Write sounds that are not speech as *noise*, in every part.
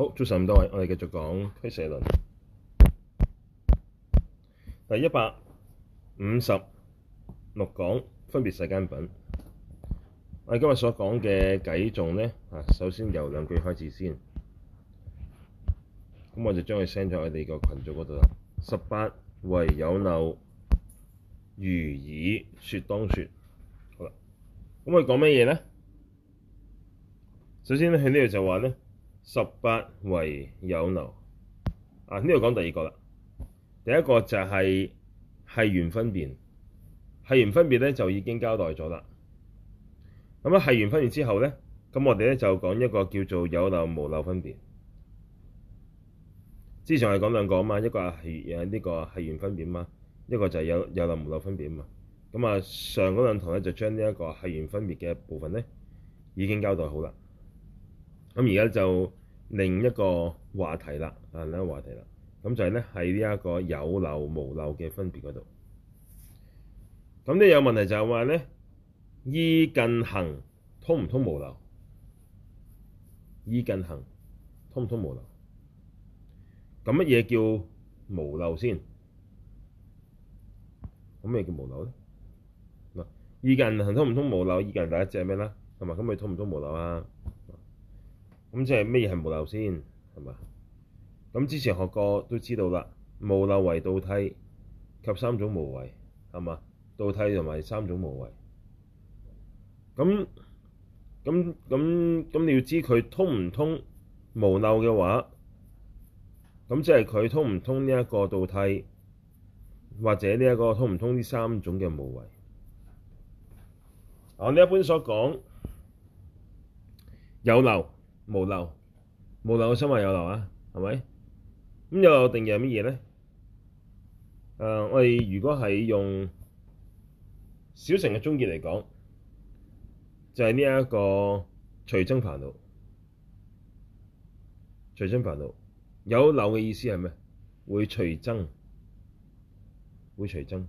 好，早晨咁多位，我哋繼續講《俱舍論》。第一百五十六講分別世間品。我哋今日所講嘅偈頌咧，啊，首先由兩句開始先。咁我就將佢 send 咗喺我哋個群組嗰度啦。十八唯有漏，餘已説當説。好啦，咁我哋講乜嘢咧？首先咧，喺呢度就話咧。十八唯有漏啊！呢度講第二個啦，第一個就係繫緣分別，繫緣分別咧就已經交代咗啦。咁啊，繫緣分別之後咧，咁我哋咧就講一個叫做有漏無漏分別。之前係講兩個啊嘛，一個係誒呢個繫緣分別啊嘛，一個就係有有漏無漏分別啊嘛。咁啊，上嗰兩堂咧就將呢一個繫緣分別嘅部分咧已經交代好啦。咁而家就另一個話題啦，啊，另一個話題啦，咁就係咧，喺呢一個有漏無漏嘅分別嗰度。咁呢，有問題就係話咧，意近行通唔通無漏？意近行通唔通無漏？咁乜嘢叫「無漏」先？咁咩叫「無漏」咧？嗱，意近行通唔通無漏？意近第一隻係咩啦？同埋咁佢通唔通無漏啊？咁即係咩嘢係無漏先係嘛？咁之前學過都知道啦，無漏謂道諦，及三種無為係嘛？道諦同埋三種無為。咁咁咁咁，你要知佢通唔通無漏嘅話，咁即係佢通唔通呢一個道諦，或者呢、這、一個通唔通呢三種嘅無為？我呢一般所講有漏。無漏，無漏嘅心話有漏啊，係咪？咁有漏定義係乜嘢咧？誒、呃，我哋如果係用小乘嘅中譯嚟講，就係呢一個隨增煩惱，隨增煩惱有漏嘅意思係咩？會隨增，會隨增。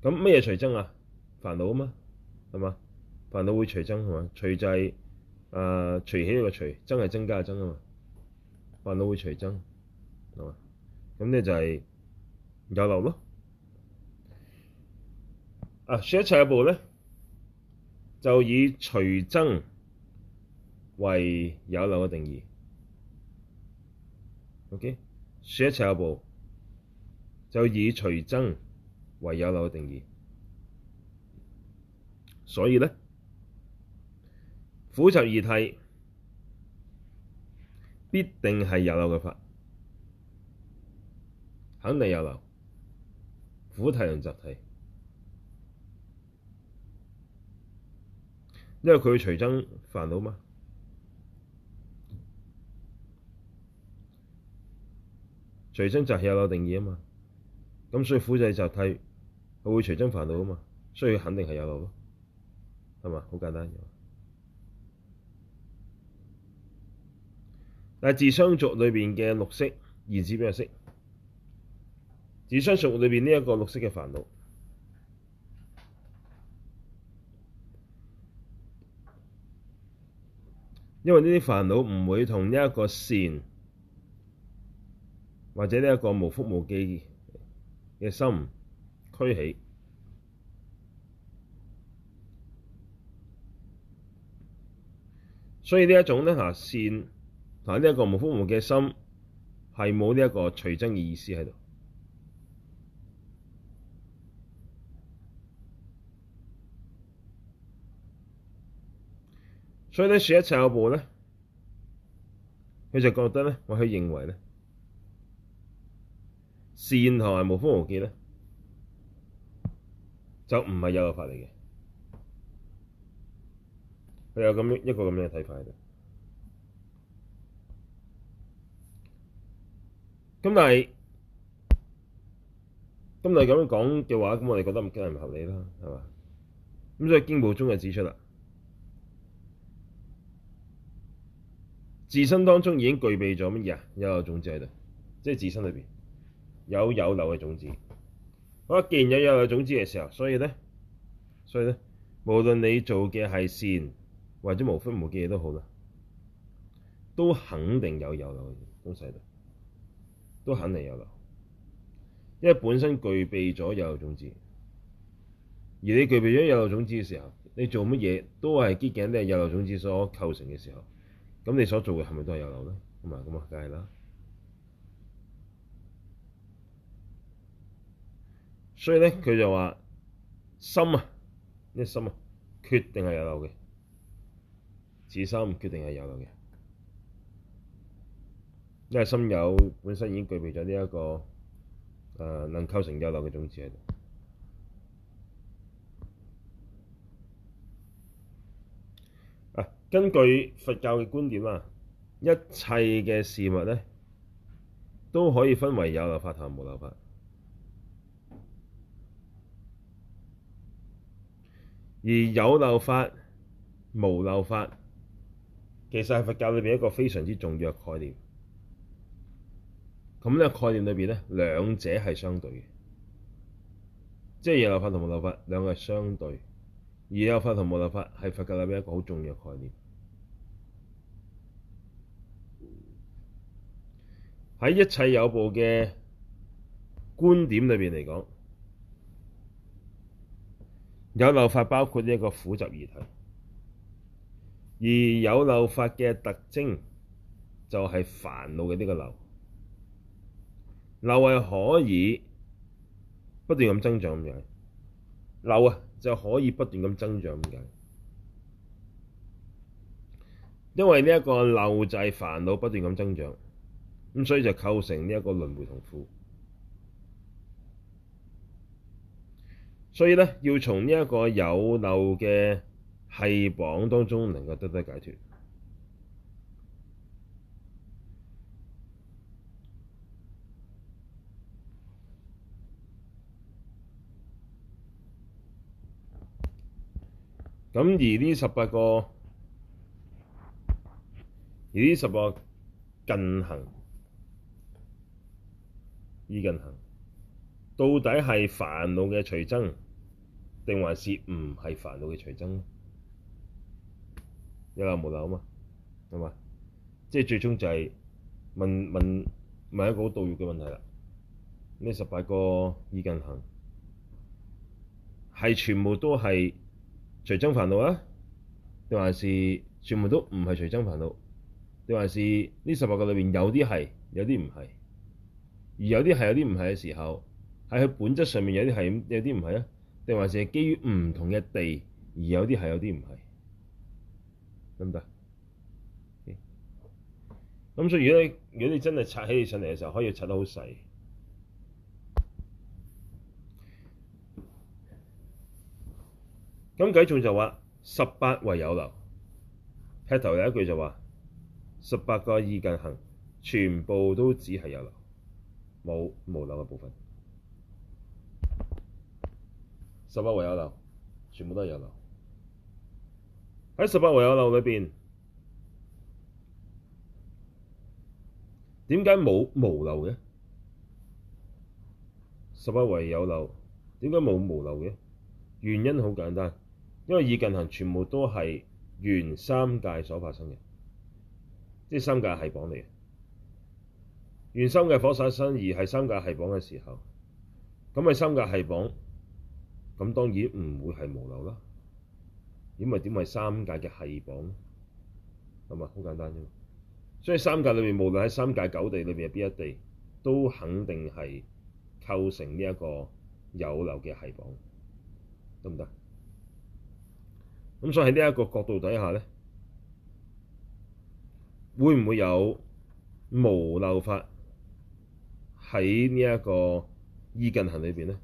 咁乜嘢隨增啊？煩惱啊嘛，係嘛？煩惱會隨增係嘛？隨就。誒、啊、隨起嘅隨，增係增加嘅增啊嘛，煩惱會隨增，係嘛？咁呢就係有漏咯。啊，說一切有部咧，就以隨增為有漏嘅定義。OK，說一切有部就以隨增為有漏嘅定義。所以咧。苦集二諦必定係有漏嘅法，肯定有漏。苦諦同集諦，因為佢會隨增煩惱嘛，隨增就係有漏定義啊嘛。咁所以苦就集諦佢會隨增煩惱啊嘛，所以，所以肯定係有漏咯，係嘛？好簡單。但係自相續裏邊嘅六識，言之邊個識？自相續裏邊呢一個六識嘅煩惱，因為呢啲煩惱唔會同一個善，或者呢一個無覆無記嘅心俱起，所以呢一種咧吓善。線但呢一個無覆無記嘅心係冇呢一個隨增嘅意思喺度，所以咧說一切有部咧，佢就覺得咧，或者認為咧善行係無覆無記咧，就唔係有漏法嚟嘅，佢有咁一個咁樣嘅睇法。咁但係，咁但係咁樣講嘅話，咁我哋覺得唔驚人唔合理啦，係嘛？咁所以經部中就指出啦，自身當中已經具備咗乜嘢啊？有，有種子喺度，即係自身裏邊有有漏嘅種子。好，既然有有漏嘅種子嘅時候，所以咧，所以咧，無論你做嘅係善或者無覆無記嘅都好啦，都肯定有有漏嘅東西喺都肯定有漏，因為本身具備咗有漏種子，而你具備咗有漏種子嘅時候，你做乜嘢都係堅硬啲，有漏種子所構成嘅時候，咁你所做嘅係咪都係有漏咧？咁啊，咁啊，梗係啦。所以咧，佢就話心啊，呢心啊，決定係有漏嘅，此心決定係有漏嘅。即係心有本身已經具備咗呢一個誒、呃，能構成有漏嘅種子喺度。根據佛教嘅觀點啊，一切嘅事物咧都可以分為有漏法同無漏法，而有漏法、無漏法其實係佛教裏邊一個非常之重要嘅概念。咁呢個概念裏邊呢，兩者係相對嘅，即係有漏法同冇漏法兩個係相對。而有漏法同冇漏法係佛教裏面一個好重要嘅概念。喺一切有部嘅觀點裏面嚟講，有漏法包括呢一個苦集二諦，而有漏法嘅特徵就係煩惱嘅呢個漏。漏係可以不斷咁增長咁解，漏啊就可以不斷咁增長咁解，因為呢一個漏制煩惱不斷咁增長，咁所以就構成呢一個輪回同苦。所以咧，要從呢一個有漏嘅係綁當中能夠，能夠得得解脱。咁而呢十八個，而呢十八個近行，意近行到底係煩惱嘅隨增，定還是唔係煩惱嘅隨增？有漏冇漏啊嘛，係嘛？即係最終就係問問問一個好道要嘅問題啦。呢十八個意近行，係全部都係，隨增煩惱啊，定還是全部都唔係隨增煩惱？定還是呢十八個裏面有啲係，有啲唔係，而有啲係，有啲唔係嘅時候，喺佢本質上面有啲係，有啲唔係啊？定還是係基於唔同嘅地，而有啲係，有啲唔係，得唔得？咁所以如果你如果你真係拆起你上嚟嘅時候，可以拆得好細。咁俱舍就話十八唯有漏，劈頭有一句就話十八個意近行，全部都只係有漏，冇無漏嘅部分。十八唯有漏，全部都係有漏。喺十八唯有漏裏邊，點解冇無漏嘅？十八唯有漏，點解冇無漏嘅？原因好簡單。因為意近行全部都係緣三界所發生嘅，即係三界繫縛嚟嘅。原三界火殺生而係三界繫縛嘅時候，咁咪三界繫縛，咁當然唔會係無漏啦。咁咪點為麼是三界嘅繫縛？係咪好簡單啫？所以三界裏面無論喺三界九地裏面係邊一地，都肯定係構成呢一個有漏嘅繫縛，得唔得？咁所以喺呢一個角度底下咧，會唔會有無漏法喺呢一個意近行裏邊咧？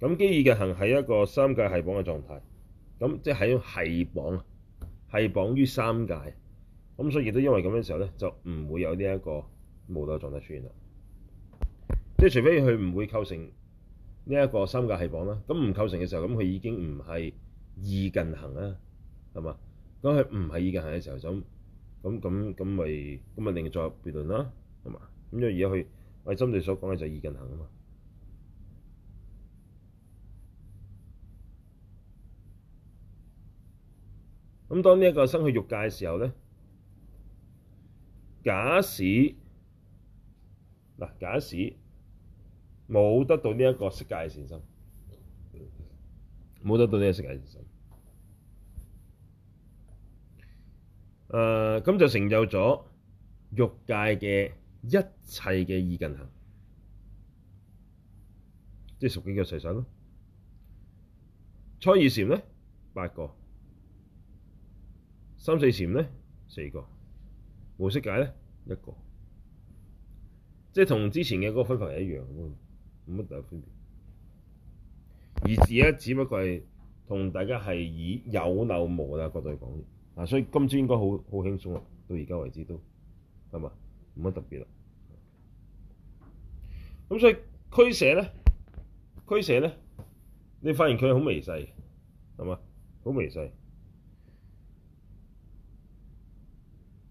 咁基意近行係一個三界繫綁嘅狀態，咁即係係綁啊，係綁於三界。咁所以亦都因為咁嘅時候咧，就唔會有呢一個無漏狀態出現啦。即係除非佢唔會構成呢一個三界係綁啦，咁唔構成嘅時候，咁佢已經唔係。意近行啊，係嘛？咁佢唔係意近行嘅時候，咁咁咁咁咪咁咪另作別論啦，係嘛？咁所以去我哋針對所講嘅就係意近行啊嘛。咁當呢一個生去欲界嘅時候咧，假使嗱，假使冇得到呢一個色界嘅善心。冇得到呢個色界善心啊！誒，咁就成就咗欲界嘅一切嘅意近行，即係熟幾嘅細神咯、啊。初二禪呢八個，三四禪呢四個，無色界呢一個，即係同之前嘅嗰個分法係一樣嘅，冇乜大分別。而自己只不過係同大家係以有、漏無漏角度去講，嗱，所以今朝應該好好輕鬆啦，到而家為止都係嘛，冇乜特別啦，咁所以俱舍咧，俱舍咧，你發現佢好微細，係嘛，好微細，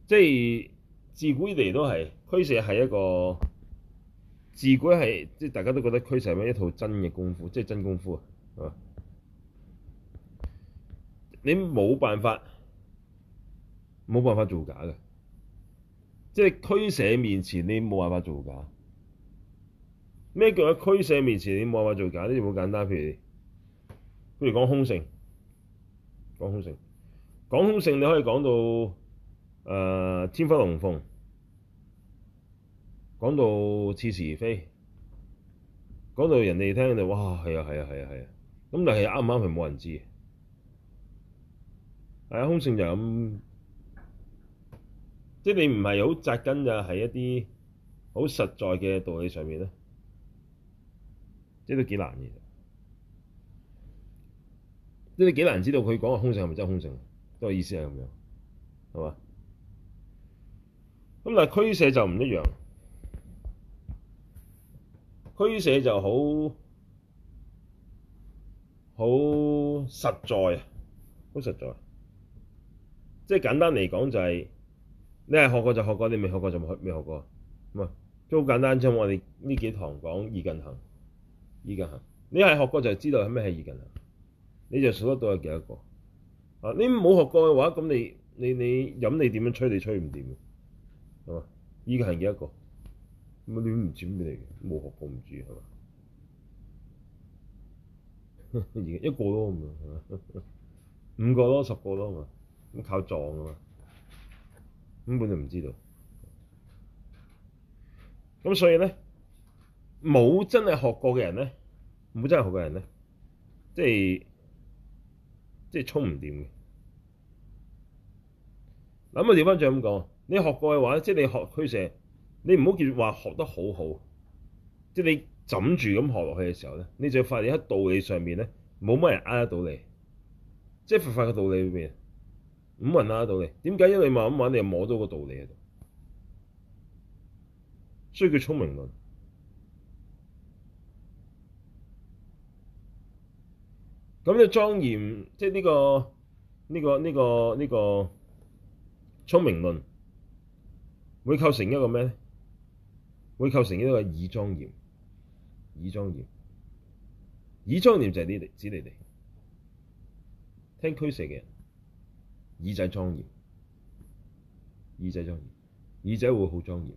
即係自古以嚟都係俱舍係一個。自古係即係大家都覺得俱舍係一套真嘅功夫，即係真功夫啊！你冇辦法，冇辦法做假嘅，即係俱舍面前你冇辦法做假。咩叫俱舍面前你冇辦法做假？呢啲好簡單，譬如，譬如講空性，講空性，講空性你可以講到誒、呃、天花龍鳳。講到似是而非，講到人哋聽就哇係啊係啊係啊係啊，咁但係啱唔啱係冇人知。係啊，空性就咁，即係你唔係好紮根就係一啲好實在嘅道理上面咧，即係都幾難嘅。即你幾難知道佢講嘅空性係咪真係空性？都係意思係咁樣，係嘛？咁但係俱舍就唔一樣。虛舍就好，好實在啊，好實在。即係簡單嚟講就係、是，你係學過就學過，你未學過就未學，學過。咁啊，都好簡單啫。我哋呢幾堂講二近行，二近行。你係學過就知道係咩係二近行，你就數得到有幾多個。啊，你冇學過嘅話，咁你你你飲你點樣吹你吹唔掂嘅。咁啊，二近行幾多個？乜亂唔知咩嚟嘅？冇學過唔知係嘛？而一個咯，五個咯，十個咯，咁啊，咁靠撞啊嘛，根本就唔知道。咁所以咧，冇真係學過嘅人咧，冇真係學嘅人咧，即係即係充唔掂嘅。嗱咁啊，調翻轉咁講，你學過嘅話，即係你學俱舍。你唔好叫話學得好好，即係你枕住咁學落去嘅時候咧，你就要發現喺道理上面咧，冇乜人呃得到你，即係佛法嘅道理裏邊，冇人呃得到你。點解？因為你慢慢玩，你又摸到個道理喺度，所以叫聰明論。咁就莊嚴，即係呢、呢個呢、呢個呢、呢個呢、呢個聰明論，會構成一個咩咧？會構成呢一個耳莊嚴，耳莊嚴，耳莊嚴就係你指你哋聽俱舍嘅人，耳仔莊嚴，耳仔莊嚴，耳仔會好莊嚴。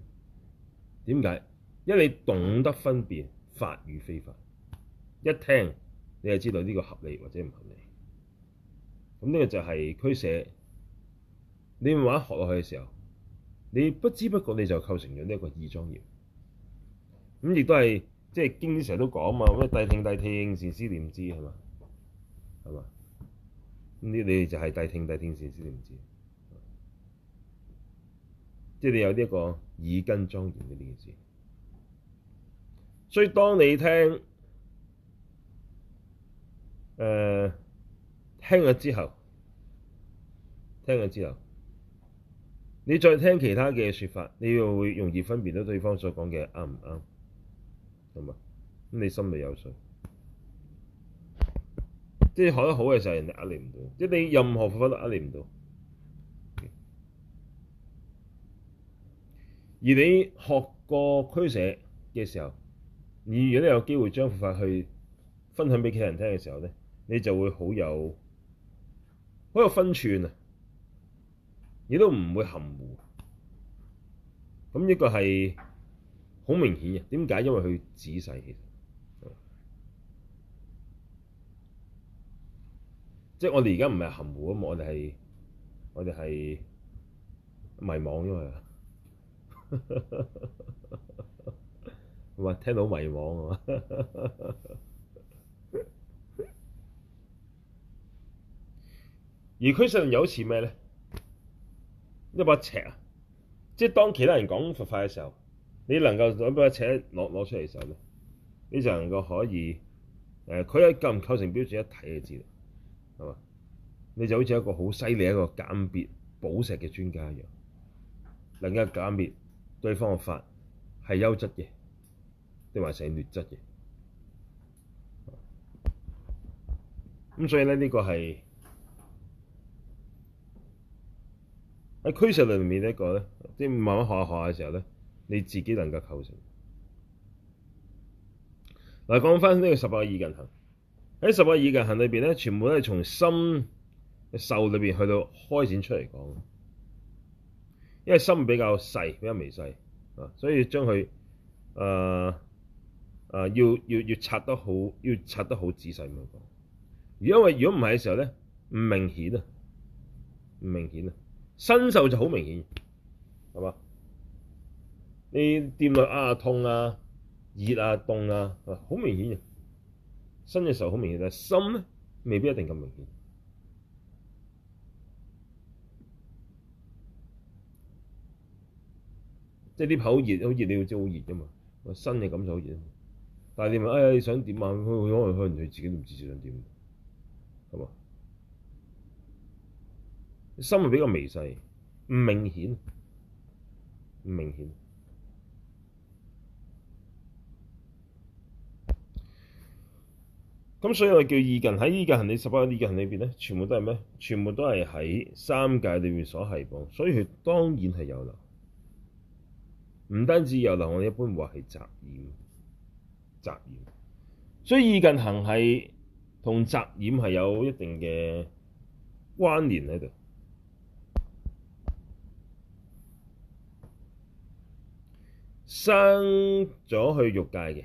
點解？因為你懂得分辨法與非法，一聽你就知道呢個合理或者唔合理。咁呢個就係俱舍。你慢慢學落去嘅時候，你不知不覺你就構成咗呢一個耳莊嚴。咁亦都係，即係經典成日都講嘛，咩諦聽諦聽，善思念之係嘛，係嘛？咁你你就係諦聽諦聽，善思念之，即係你有呢一個耳根莊嚴嘅呢件事。所以當你聽誒、呃、聽咗之後，聽咗之後，你再聽其他嘅說法，你又會，會容易分辨到對方所講嘅啱唔啱。咁、嗯、你心裏有數，即係學得好嘅時候，人哋壓你唔到，即係你任何方法都壓你唔到。而你學過俱舍嘅時候，你如果你有機會將佛法去分享俾其他人聽嘅時候咧，你就會好有好有分寸啊，亦都唔會含糊。咁一個係。好明顯嘅點解？因為佢仔細，其實，即係我哋而家唔係含糊啊！我哋係，我哋係迷惘，因為，喂，聽到迷惘啊！哈哈哈哈，而佢上有好似咩咧？一把尺啊！即係當其他人講佛法嘅時候。你能夠攞乜嘢出嚟的時候你就能夠可以誒，佢喺構唔構成標準一睇就知道，是吧，你就好似一個好犀利一個鑑別寶石嘅專家一樣，能夠鑑別對方嘅法，係優質嘅，定還是劣質嘅？咁所以呢，呢、這個係喺俱舍裏面一個咧，啲慢慢學下嘅時候呢。你自己能夠構成嗱，講翻呢個十八意近行，喺十八意近行裏邊咧，全部都係從心受裏邊去到開展出嚟講。因為心比較細，比較微細啊，所以將佢誒誒要要要拆得好，要拆得好仔細咁樣講。因為如果唔係嘅時候咧，唔明顯啊，唔明顯啊，身受就好明顯，係嘛？你掂下啊，痛啊，熱啊，凍啊，好明顯啊！身嘅受好明顯，但係心咧未必一定咁明顯，即係啲喉好熱，好熱，你要知好熱㗎嘛？身嘅感受好熱，但係你問：哎呀，你想點啊？佢可能佢自己都唔知想點，係嘛？心啊比較微細，唔明顯，唔明顯。咁所以我哋叫意近喺意近行，你十八意近行裏邊咧，全部都係咩？全部都係喺三界裏面所係噃，所以佢當然係有漏，唔單止有漏，我一般話係雜染，雜染。所以意近行係同雜染係有一定嘅關聯喺度。生咗去欲界嘅，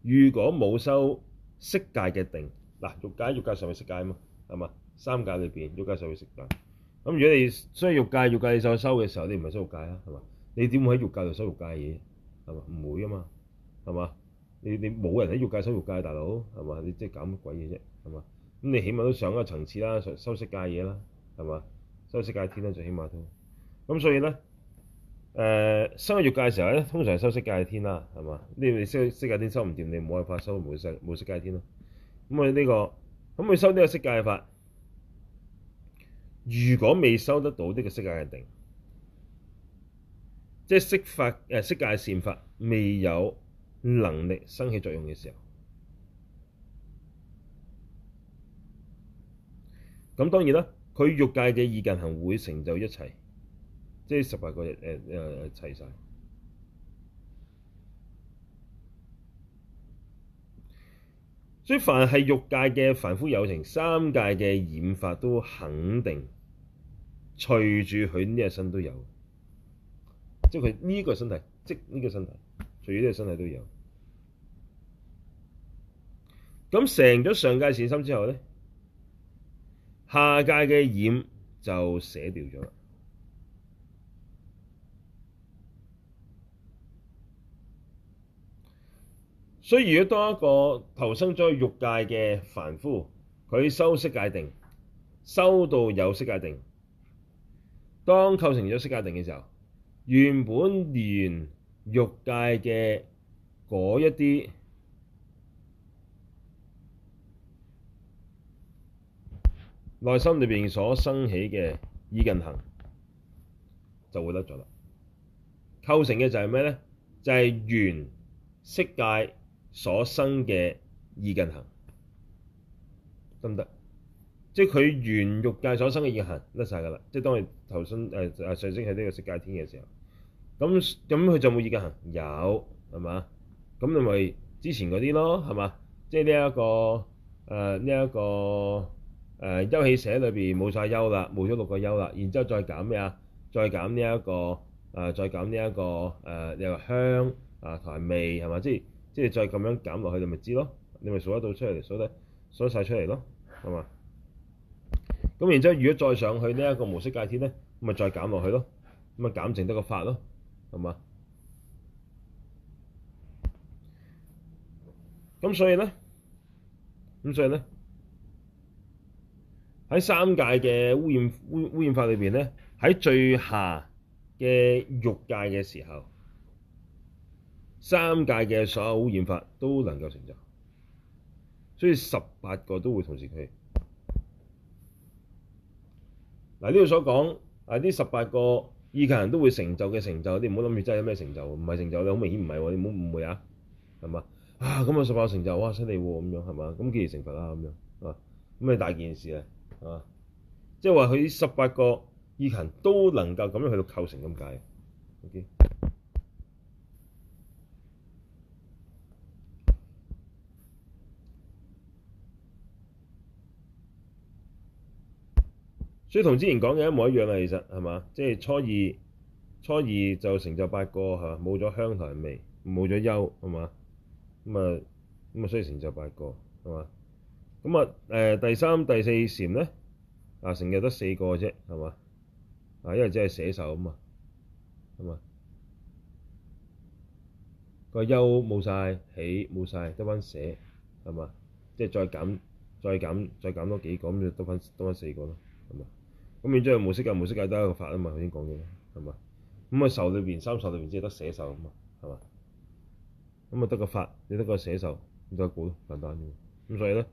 如果冇收。色界嘅定嗱，欲界欲界上去色界啊嘛，係嘛，三界裏邊欲界上去色界。咁如果你所以欲界欲界收收嘅時候，你唔係收欲界啊，係嘛？你點會喺欲界度收欲界嘢？係嘛？唔會啊嘛，係嘛？你你冇人喺欲界收欲界，大佬係嘛？你即係搞乜鬼嘢啫？係嘛？咁你起碼都上一個層次啦，收收色界嘢啦，係嘛？收色界天啦，最起碼都。咁所以咧。誒、呃、生欲界嘅時候咧，通常係修色界天啦，係嘛？你你色色界天修唔掂，你冇辦法修無色界天咯。咁佢呢個，咁佢修呢個色界的法，如果未收得到呢個色界的定，即、就、係、是、色法誒色界善法未有能力生起作用嘅時候，咁當然啦，佢欲界嘅意近行會成就一切。即係十八個日誒誒誒齊曬，所以凡係欲界嘅凡夫有情，三界嘅染法都肯定隨住佢呢一身都有，即係佢呢個身體，即呢個身體，隨住呢個身體都有。咁成咗上界善心之後咧，下界嘅染就捨掉咗啦。所以如果當一個投生咗喺欲界嘅凡夫，佢修色界定，修到有色界定，當構成咗色界定嘅時候，原本原欲界嘅嗰一啲內心裏邊所生起嘅意近行，就會得咗啦。構成嘅就係咩咧？就係、是、原色界所生嘅意近行得唔得？即係佢原欲界所生嘅意近行甩晒㗎啦。即係當佢頭先誒誒上升喺呢個色界天嘅時候，咁咁佢就冇意近行有係嘛？咁你咪之前嗰啲咯係嘛？即係呢一個誒呢一個誒、呃、憂喜捨裏邊冇晒憂啦，冇咗六個憂啦，然之後再減咩啊？再減呢一個誒、呃，再減呢一個誒，有、呃這個、香啊同埋味係嘛？即係。即係再咁樣減落去，你咪知咯，你咪數得到出嚟，數得數晒出嚟咯，係嘛？咁然之後，如果再上去呢一個模式界天咧，咁咪再減落去咯，咁咪減剩得個法咯，係嘛？咁所以咧，咁所以咧，喺三界嘅污染污染污染污染法裏邊咧，喺最下嘅欲界嘅時候。三界嘅所有染法都能夠成就，所以十八個都會同時起。嗱，呢度所講啊，啲十八個意近行都會成就嘅成就，你唔好諗住真係有咩成就？唔係成就你好明顯唔係喎，你唔好誤會啊，係嘛啊，咁啊，十八個成就哇犀利喎咁樣，係嘛，咁既然成佛啦咁樣啊，咁係大件事啊，係嘛，即係話佢十八個意近行都能夠咁樣去到構成咁解。Okay? 所以同之前講嘅一模一樣啊！其實係嘛，即係、就是、初二，初二就成就八個嚇，冇咗香台味，冇咗憂，係嘛咁啊咁啊，所以成就八個係嘛咁啊第三第四禪咧啊成就得四個啫係嘛啊，因為只係捨受啊嘛係嘛個憂冇晒，喜冇晒，得翻捨係嘛，即係、就是、再減再減再減多幾個咁就得翻多翻四個咯，係嘛。咁然之後，無色界，無色界得一個法啊嘛，頭先講嘅，係嘛？咁啊，受裏面，三受裏面，只得捨受啊嘛，係嘛？咁啊，得個法，你得個捨受，咁得估個咯，簡單，咁所以咧，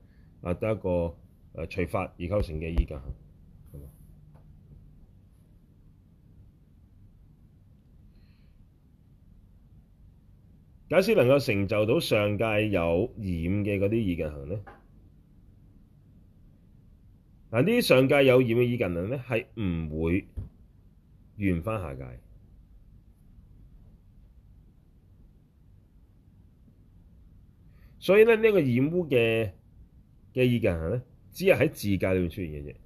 啊得一個誒除法而構成嘅意近行，係嘛？假使能夠成就到上界有染嘅嗰啲意近行咧？嗱，啲上界有染嘅意近行咧，係唔會緣翻下界，所以咧，呢個染污嘅嘅意近行咧，只係喺自界裏面出現嘅啫。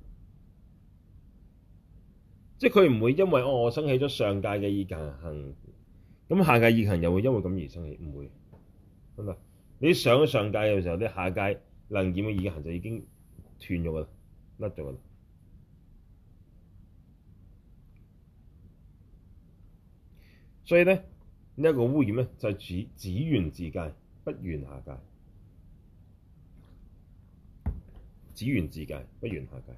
即係佢唔會因為我升起咗上界嘅意近行，咁下界意近行又會因為咁而升起，唔會，真係你上咗上界嘅時候，啲下界能染嘅意近行就已經斷咗噶啦。甩咗佢，所以呢，呢一個污染呢，就係只只緣自界，不緣下界，只緣自界，不緣下界。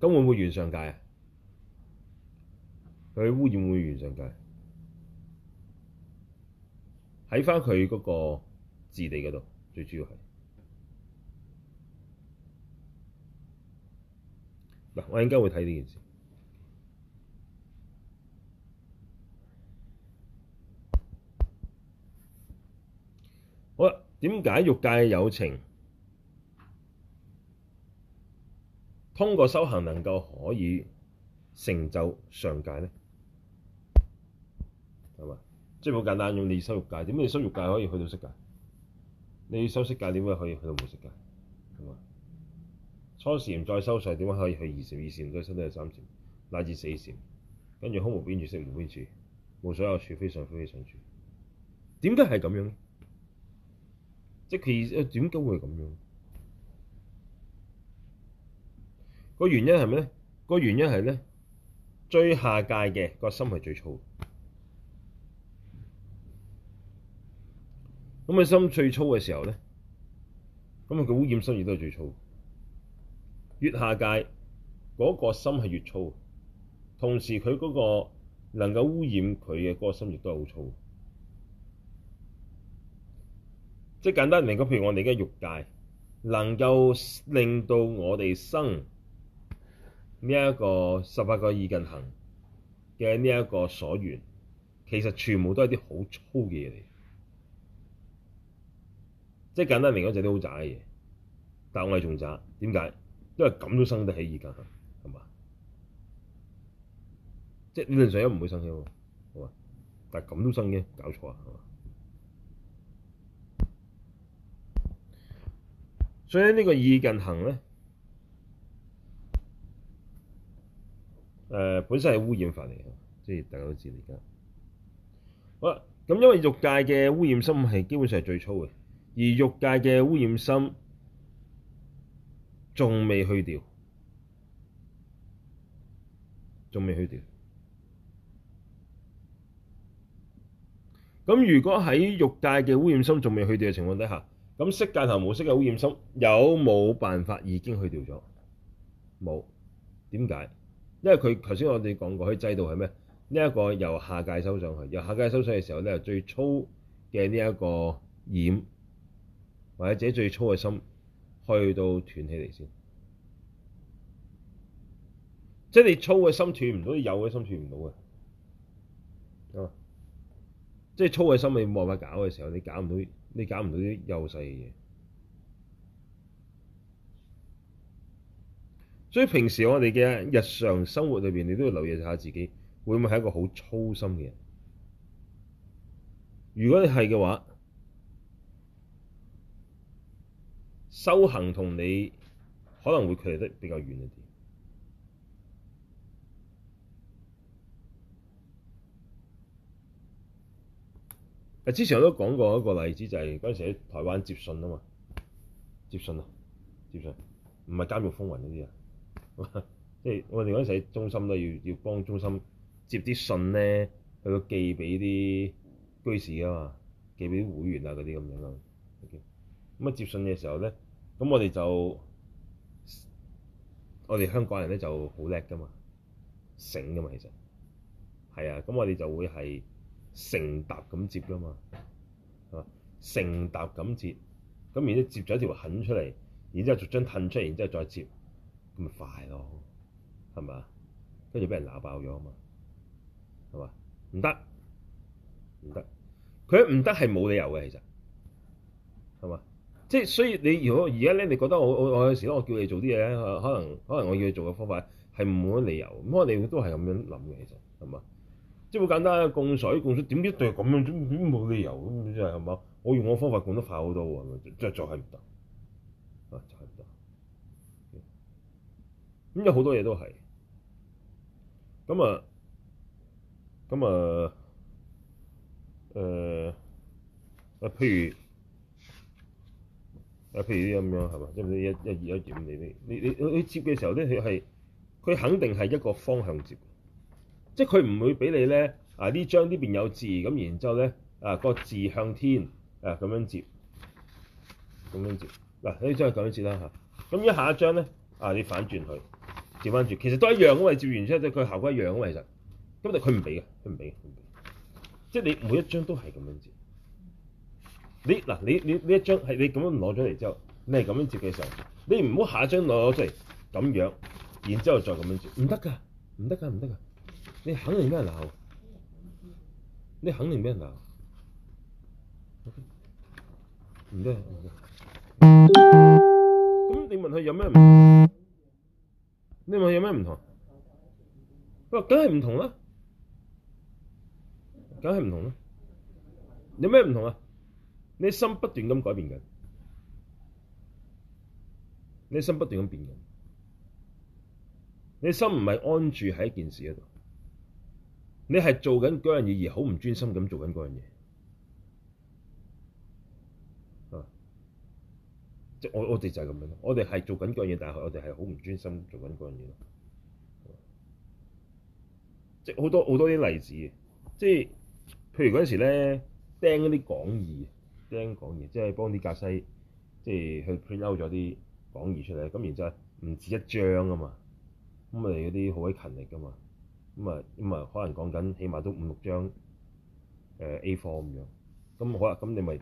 咁會唔會緣上界啊？佢污染會緣上界？睇翻佢嗰個。治地嗰度最主要係嗱，我應該會睇呢件事好了。好啦，點解欲界嘅有情通過修行能夠可以成就上界呢？係嘛？即係好簡單，用你修欲界，點解你修欲界可以去到色界？你要修色界，點解可以去到冇色界？係嘛？初禪唔再修禪，點解可以去二禪？二禪都係身內有三禪，乃至四禪，跟住空無邊處、色無邊處，無所有處、非想非非想處。點解係咁樣咧？即係其誒點解會咁樣？個原因係咩咧？個原因係咧，最下界嘅個心係最粗。咁佢心最粗嘅時候咧，咁佢污染心亦都係最粗。越下界，嗰個心係越粗，同時佢嗰個能夠污染佢嘅嗰個心亦都係好粗。即簡單嚟講，譬如我哋而家欲界，能夠令到我哋生呢一個十八個意近行嘅呢一個所緣，其實全部都係啲好粗嘅嘢嚟。即係簡單形容就啲好渣嘅嘢，但我係仲渣。點解？因為咁都生得起意近行，係嘛？即、就、係、是、理論上有唔會生起喎，係嘛？但係咁都生嘅，搞錯啊，係嘛？所以呢個意近行咧，誒、呃、本身係污染法嚟嘅，即係大家都知而家好啦，咁因為欲界嘅污染心係基本上係最粗嘅。而欲界嘅污染心，仲未去掉，仲未去掉。咁如果喺欲界嘅污染心仲未去掉嘅情況底下，咁色界同無色嘅污染心有冇辦法已經去掉咗？冇。點解？因為佢頭先我哋講過，佢制度係咩？呢、這、一個由下界收上去，由下界收上去嘅時候咧，最粗嘅呢一個染。或者自己最粗嘅心，去到斷起嚟先，即係你粗嘅心斷唔到，你幼嘅心斷唔到嘅，即係粗嘅心你冇辦法搞嘅時候，你搞唔到，你搞唔到啲幼細嘅嘢。所以平時我哋嘅日常生活裏邊，你都要留意下自己，會唔會係一個好粗心嘅人？如果你係嘅話，修行同你可能會距離得比較遠一啲。之前我都講過一個例子，就係嗰陣時喺台灣接信啊嘛，接信啊，接信，唔係監獄風雲嗰啲啊，即係我哋嗰陣時喺中心都要要幫中心接啲信咧，去寄俾啲居士啊嘛，寄俾啲會員啊嗰啲咁樣啦。咁啊，接信嘅時候咧。咁我哋就，我哋香港人咧就好叻噶嘛，醒噶嘛，其實係啊。咁我哋就會係成搭咁接噶嘛，係嘛？成搭咁接，咁然之接咗條痕出嚟，然之後就將褪出嚟，然之後再接，咁咪快咯，係咪啊？跟住俾人鬧爆咗啊嘛，係嘛？唔得，唔得，佢唔得係冇理由嘅，其實係嘛？即係所以你如果而家咧，你覺得我我我有時咧，我叫你做啲嘢咧，可能可能我要做嘅方法係冇乜理由，咁我哋都係咁樣諗嘅，其實係嘛？即係好簡單，供水供水點知對咁樣，點冇理由咁？你真係係嘛？我用我方法管得快好多喎，即係就係唔得啊！就係唔得。咁有好多嘢都係。咁啊，咁啊，誒譬如。呃呃呃呃誒，譬如咁樣係嘛，即係你一、一、二、一、二咁嚟啲，你你去接嘅時候咧，佢係佢肯定係一個方向接，即係佢唔會俾你咧啊呢張呢邊有字，咁然之後咧啊個字向天啊咁樣接，咁樣接嗱呢張係咁樣接啦嚇，咁、啊、一下一張咧啊你反轉佢，接翻住。其實都一樣嘅嘛，接完之後佢效果一樣嘅嘛，其實，咁但係佢唔俾嘅，佢唔俾嘅，即係你每一張都係咁樣接。你嗱，你你你呢一張係你咁樣攞咗嚟之後，你係咁樣接嘅時候，你唔好下一張攞咗出嚟咁樣，然之後再咁樣做，唔得噶，唔得噶，唔得噶，你肯定俾人鬧，你肯定俾人鬧，唔得，唔得！咁你問佢有咩唔同？你問佢有咩唔同？佢話梗係唔同啦，梗係唔同啦，有咩唔同啊？你心不斷咁改變緊，你心不斷咁變緊。你心唔係安住喺一件事喺度，你係做緊嗰樣嘢而好唔專心咁做緊嗰樣嘢啊！即我我哋就係咁樣，我哋係做緊嗰樣嘢，但係我哋係好唔專心做緊嗰樣嘢咯。即好多好多啲例子，即係譬如嗰陣時咧釘一啲講義。聽講嘢，即係幫啲格西，即係去 print out 咗啲講義出嚟。咁然之後唔止一張啊嘛，咁我哋嗰啲好鬼勤力噶嘛，咁啊咁啊可能講緊起碼都五六張誒、呃、A4 咁樣。咁好啊，咁你咪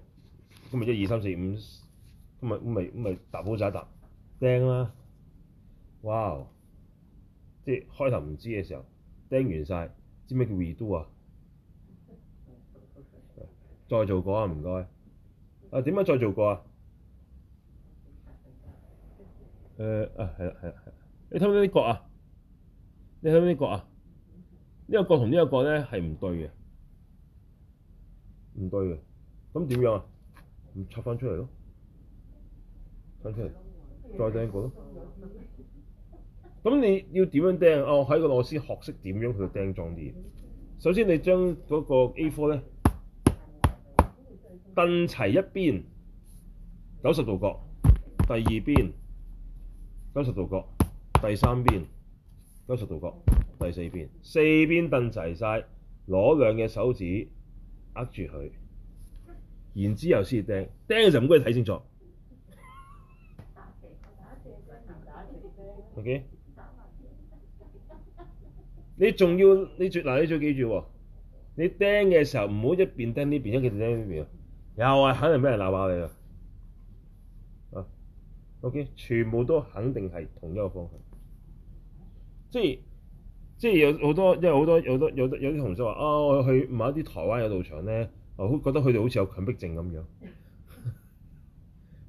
咁咪一二三四五，咁咪咁咪答好打一答，釘啦。哇！即係開頭唔知嘅時候，釘完晒，知咩叫 redo 啊、okay.？再做過啊，唔該。啊，點樣再做過啊？誒、呃、啊，係啦，你睇唔睇呢個啊？你睇唔睇呢個啊？呢、呢個角同呢個角咧係唔對嘅，唔對嘅。咁點樣啊？咁拆翻出嚟咯，翻出嚟，再釘一個咯。咁你要點樣釘啊？我、哦、喺個老師學識點樣去釘裝啲嘢。首先，你將嗰個 A4 咧。凳齊一邊九十度角，第二邊九十度角，第三邊九十度角，第四邊四邊凳齊曬，攞兩隻手指握住佢，然之後先釘，釘嘅時候唔該你睇清楚。OK，你仲要你住嗱，你最記住喎，你釘嘅時候唔好一邊釘呢邊，一邊釘呢邊啊。又係、啊、肯定俾人鬧爆你啊！OK，全部都肯定係同一個方向，即係即係有好多，因為好多、多、有多有啲同事話啊、哦，我去某一啲台灣有道場咧，我好覺得佢哋好似有強迫症咁樣，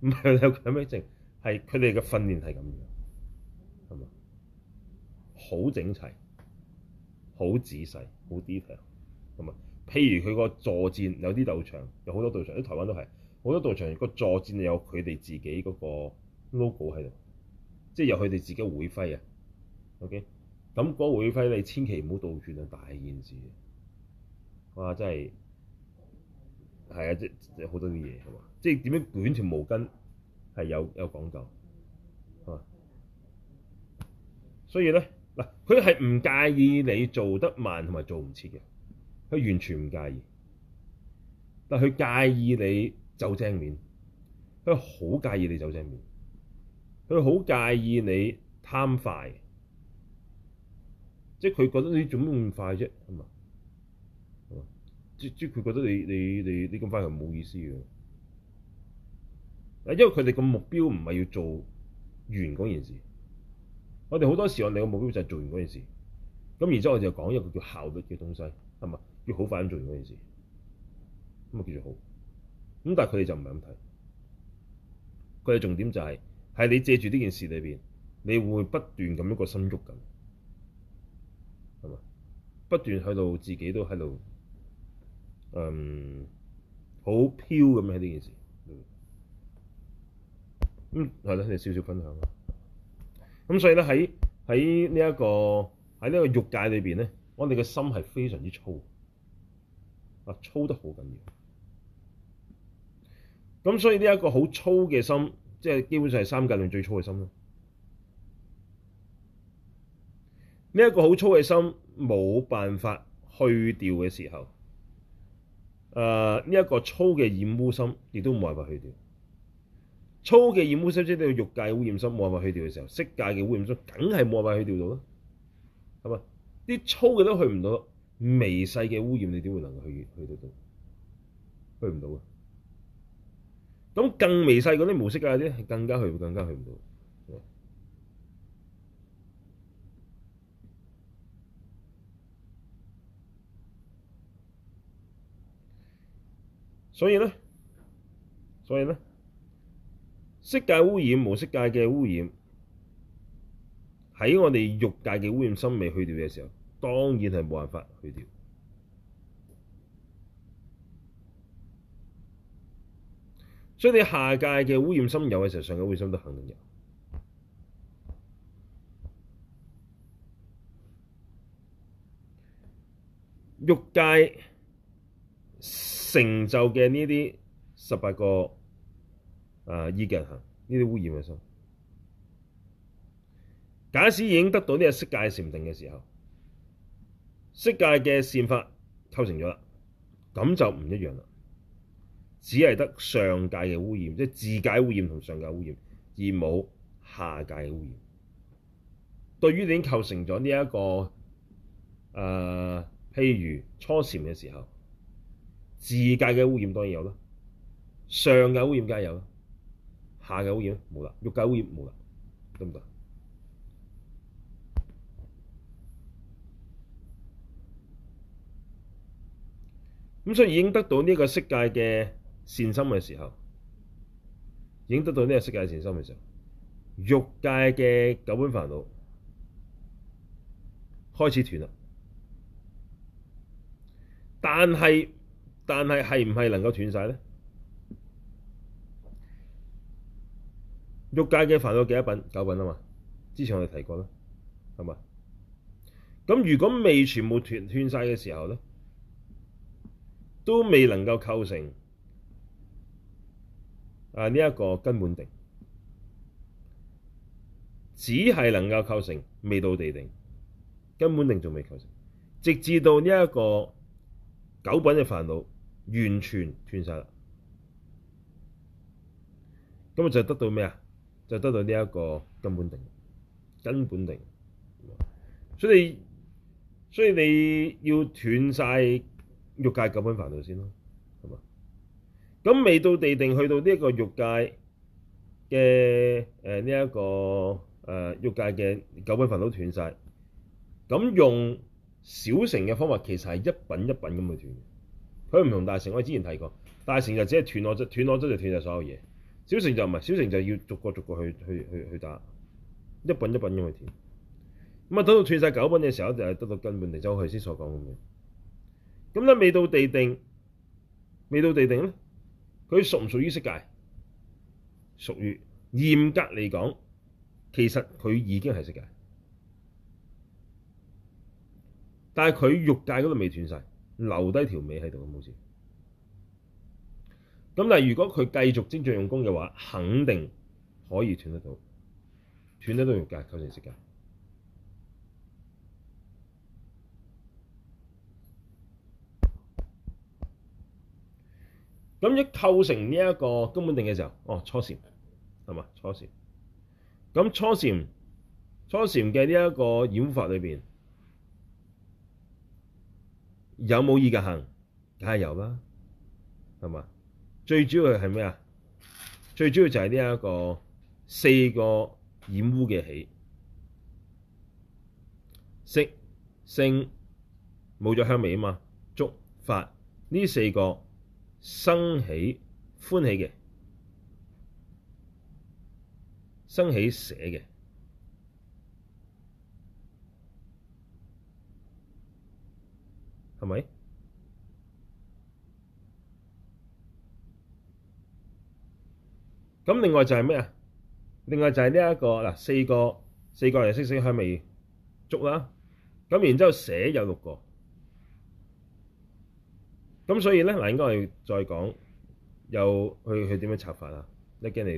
唔 *laughs* 係有強迫症，係佢哋嘅訓練係咁樣，係嘛？好整齊，好仔細，好 detail，係咪？譬如佢個助戰有啲道場，有好多道場，啲台灣都係好多道場。個助戰有佢哋自己嗰個 logo 喺度，即係有佢哋自己會徽啊。OK，咁嗰個會徽你千祈唔好倒轉啊，大件事啊！哇，真係係啊，即係好多啲嘢係嘛，即係點樣捲條毛巾係有有講究係嘛。所以咧嗱，佢係唔介意你做得慢同埋做唔切嘅。佢完全唔介意，但係佢介意你走正面，佢好介意你走正面，佢好介意你貪快，即係佢覺得你做乜咁快啫，係嘛？即即佢覺得你你你你咁快係冇意思嘅，啊，因為佢哋個目標唔係要做完嗰件事，我哋好多時我哋個目標就係做完嗰件事，咁然之後我就講一個叫效率嘅東西，係嘛？要好快咁做完件事咁啊，叫做好咁。但係佢哋就唔係咁睇，佢哋重點就係、是、係你借住呢件事裏邊，你會不斷咁一個心喐緊，係嘛？不斷喺度，自己都喺度，嗯，好飄咁喺呢件事裏邊。嗯，係啦你少少分享啊。咁所以咧，喺喺呢一個喺呢個欲界裏邊咧，我哋嘅心係非常之粗。啊！粗得好緊要，咁所以呢一個好粗嘅心，即係基本上係三界裏最粗嘅心咯。呢一個好粗嘅心，冇辦法去掉嘅時候，誒呢一個粗嘅染污心，亦都冇辦法去掉。粗嘅染污心即係呢個欲界污染心，冇辦法去掉嘅時候，色界嘅污染心，梗係冇辦法去掉到啦。係咪？啲粗嘅都去唔到。微細嘅污染你點會能夠去去到度？去唔到啊。咁更微細嗰啲無色界啲，更加去唔到，更加去唔到。所以咧，所以咧，色界污染、無色界嘅污染，喺我哋欲界嘅污染心未去掉嘅時候。當然係冇辦法去掉，所以你下界嘅污染心有嘅時候，上界嘅污染心都肯定有。欲界成就嘅呢啲十八個啊，意近行啊，呢啲污染嘅心，假使已經得到呢個色界禪定嘅時候。色界嘅善法構成咗啦，咁就唔一樣啦，只係得上界嘅污染，即係自界污染同上界污染，而冇下界嘅污染。對於你已經構成咗呢一個誒、呃，譬如初禪嘅時候，自界嘅污染當然有啦，上界污染梗係有啦，下界污染冇啦，欲界污染冇啦，得唔得？咁所以已經得到呢個色界嘅善心嘅時候，已經得到呢個色界的善心嘅時候，欲界嘅九品煩惱開始斷啦。但係但係，係唔係能夠斷晒咧？欲界嘅煩惱幾多品？九品啊嘛，之前我哋提過啦，係嘛？咁如果未全部斷斷曬嘅時候咧？都未能夠構成啊！呢一個根本定，只係能夠構成未到地定，根本定仲未構成，直至到呢一個九品嘅煩惱完全斷晒啦。咁啊，就得到咩啊？就得到呢一個根本定，根本定。所以，所以你要斷晒，欲界九品煩惱先咯，係嘛？咁未到地定，去到呢一個欲界嘅誒呢一個誒欲、呃、界嘅九品煩惱斷晒。咁用小乘嘅方法其實係一品一品咁去斷，佢唔同大乘，我之前提過，大乘就只係斷我執，斷我執就斷晒所有嘢，小乘就唔係，小乘就要逐個逐個去去去去打，一品一品咁去斷。咁啊，等到斷晒九品嘅時候，就係得到根本定。就，我哋先所講咁樣。咁咧未到地定，未到地定咧，佢屬唔屬於色界？屬於，嚴格嚟講，其實佢已經係色界，但係佢欲界嗰度未斷晒，留低條尾喺度咁好似。咁但係如果佢繼續精進用功嘅話，肯定可以斷得到，斷得到欲界，佢就係色界。咁一構成呢一個根本定嘅時候，哦，初禪係嘛？初禪，咁初禪，初禪嘅呢一個染污法裏面，有冇意近行？梗係有啦，係嘛？最主要係咩啊？最主要就係呢一個四個染污嘅喜、色、聲、冇咗香味啊嘛，觸法呢四個。生起、歡喜嘅，生起捨嘅，係咪？咁另外就係咩啊？另外就係呢一個嗱，四個四個嚟色色香味觸啦。咁然之後捨有六個。咁所以咧，嗱，應該我再講，又去去點樣拆法啊？一驚你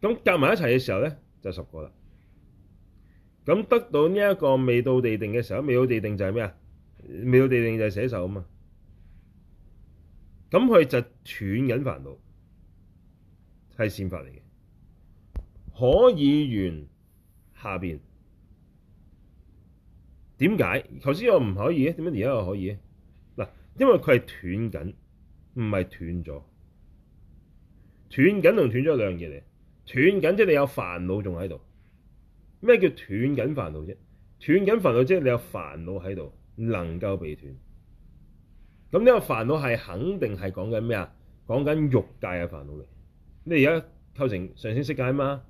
要亂，咁夾埋一齊嘅時候咧，就十個啦。咁得到呢一個未到地定嘅時候，未到地定就係咩啊？未到地定就係捨受啊嘛。咁佢就斷緊煩惱，係善法嚟嘅，可以緣下邊。點解頭先我唔可以嘅？點解而家我可以？因為佢係斷緊，唔係斷咗，斷緊同斷咗係兩樣嘢嚟。斷緊即係你有煩惱仲喺度，咩叫斷緊煩惱啫？斷緊煩惱即係你有煩惱喺度，能夠被斷。咁呢個煩惱係肯定係講緊咩啊？講緊欲界嘅煩惱嚟。你而家構成上升色界嘛？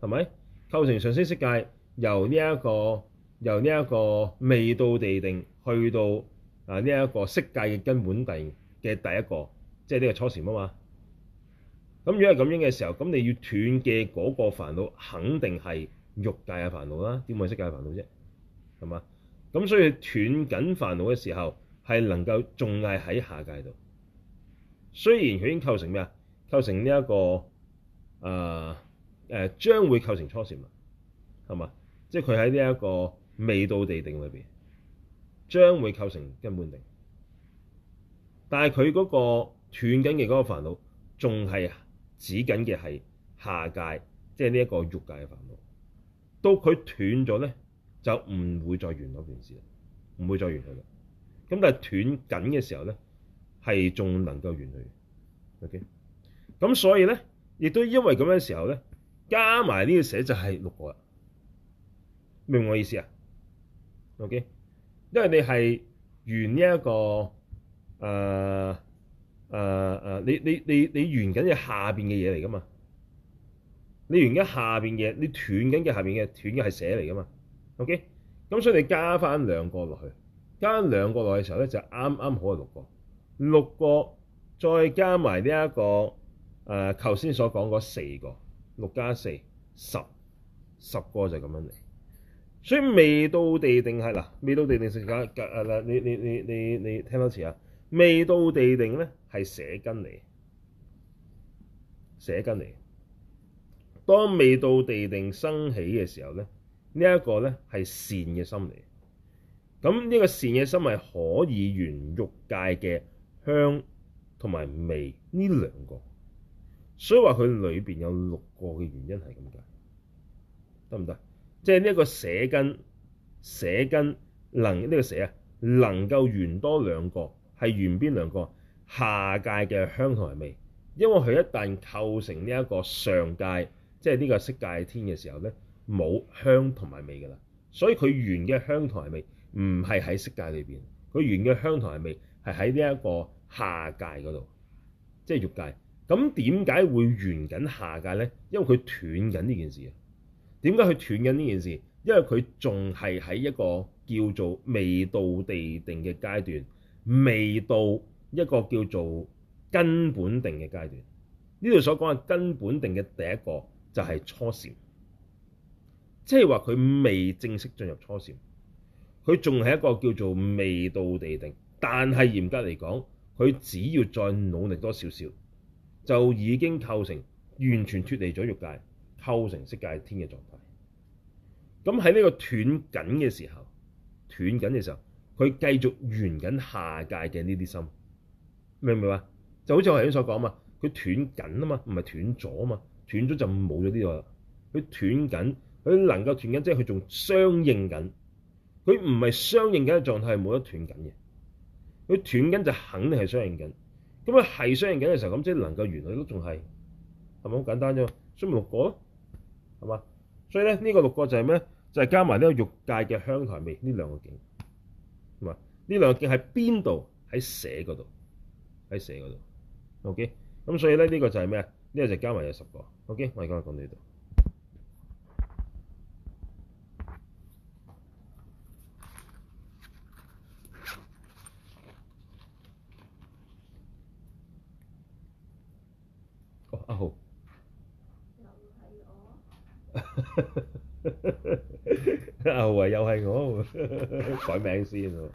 係咪？構成上升色界，由呢一個由呢一個未到地定去到。啊！呢、這、一個色界嘅根本定嘅第一個，即係呢個初禪啊嘛。咁如果係咁樣嘅時候，咁你要斷嘅嗰個煩惱，肯定係欲界嘅煩惱啦，點會色界嘅煩惱啫？係嘛？咁所以斷緊煩惱嘅時候，係能夠仲係喺下界度。雖然佢已經構成咩啊？構成呢、這、一個啊誒，將、呃呃、會構成初禪啊，係嘛？即係佢喺呢一個未到地定裏面。將會構成根本定，但係佢嗰個斷緊嘅嗰個煩惱，仲係指緊嘅係下界，即係呢一個欲界嘅煩惱。到佢斷咗咧，就唔會再緣嗰件事啦，唔會再緣佢啦。咁但係斷緊嘅時候咧，係仲能夠緣佢嘅。O K，咁所以咧，亦都因為咁樣嘅時候咧，加埋呢個捨就係六個啦。明唔明我意思啊？O K。Okay? 因為你係緣呢一個誒、呃呃、你你你你緣緊嘅下面嘅嘢嚟噶嘛？你緣緊下邊嘢，你斷緊嘅下面嘅斷嘅係寫嚟噶嘛？OK，咁所以你加翻兩個落去，加翻兩個落去嘅時候咧，就啱啱好係六個，六個再加埋呢一個誒，頭、呃、先所講嗰四個，六加四，十，十個就咁樣嚟。所以未到地定係嗱，未到地定食緊格誒，你你你你你聽多次啊，未到地定咧係捨根嚟，捨根嚟。當未到地定生起嘅時候咧，呢、這、一個咧係善嘅心嚟。咁呢個善嘅心係可以緣欲界嘅香同埋味呢兩個，所以話佢裏邊有六個嘅原因係咁解，得唔得？即係呢一個捨根，捨根能呢、呢個捨啊，能夠緣多兩個，係緣邊兩個？下界嘅香同埋味，因為佢一旦構成呢一個上界，即係呢個色界天嘅時候呢，冇香同埋味噶啦。所以佢緣嘅香同埋味唔係喺色界裏面，佢緣嘅香同埋味係喺呢一個下界嗰度，即係欲界。咁點解會緣緊下界呢？因為佢斷緊呢件事啊！點解佢斷緊呢件事？因為佢仲係喺一個叫做未到地定嘅階段，未到一個叫做根本定嘅階段。呢度所講嘅根本定嘅第一個就係初禪，即係話佢未正式進入初禪，佢仲係一個叫做未到地定。但係嚴格嚟講，佢只要再努力多少少，就已經構成完全脫離咗欲界。構成色界天嘅狀態，咁喺呢個斷緊嘅時候，斷緊嘅時候，佢繼續緣緊下界嘅呢啲心，明唔明啊？就好似我頭先所講嘛，佢斷緊啊嘛，唔係斷咗啊嘛，斷咗就冇咗呢個啦。佢斷緊，佢能夠斷緊，即係佢仲相應緊。佢唔係相應緊嘅狀態，係冇得斷緊嘅。佢斷緊就肯定係相應緊。咁佢係相應緊嘅時候，咁即係能夠緣佢都仲係，係咪好簡單啫？所以咪六個，咯。係嘛？所以咧呢個六個就係咩？就係加埋呢個欲界嘅香同味呢兩個境。係嘛？呢兩個境喺邊度？喺捨嗰度，喺捨嗰度。OK，咁所以咧呢個就係咩？呢個就加埋有十個。OK，我哋今日講呢度。哦，啊好。啊喂，又係我，改名先喎。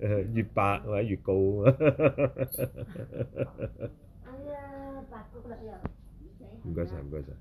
誒，越白或者越高。唔該曬，唔該曬。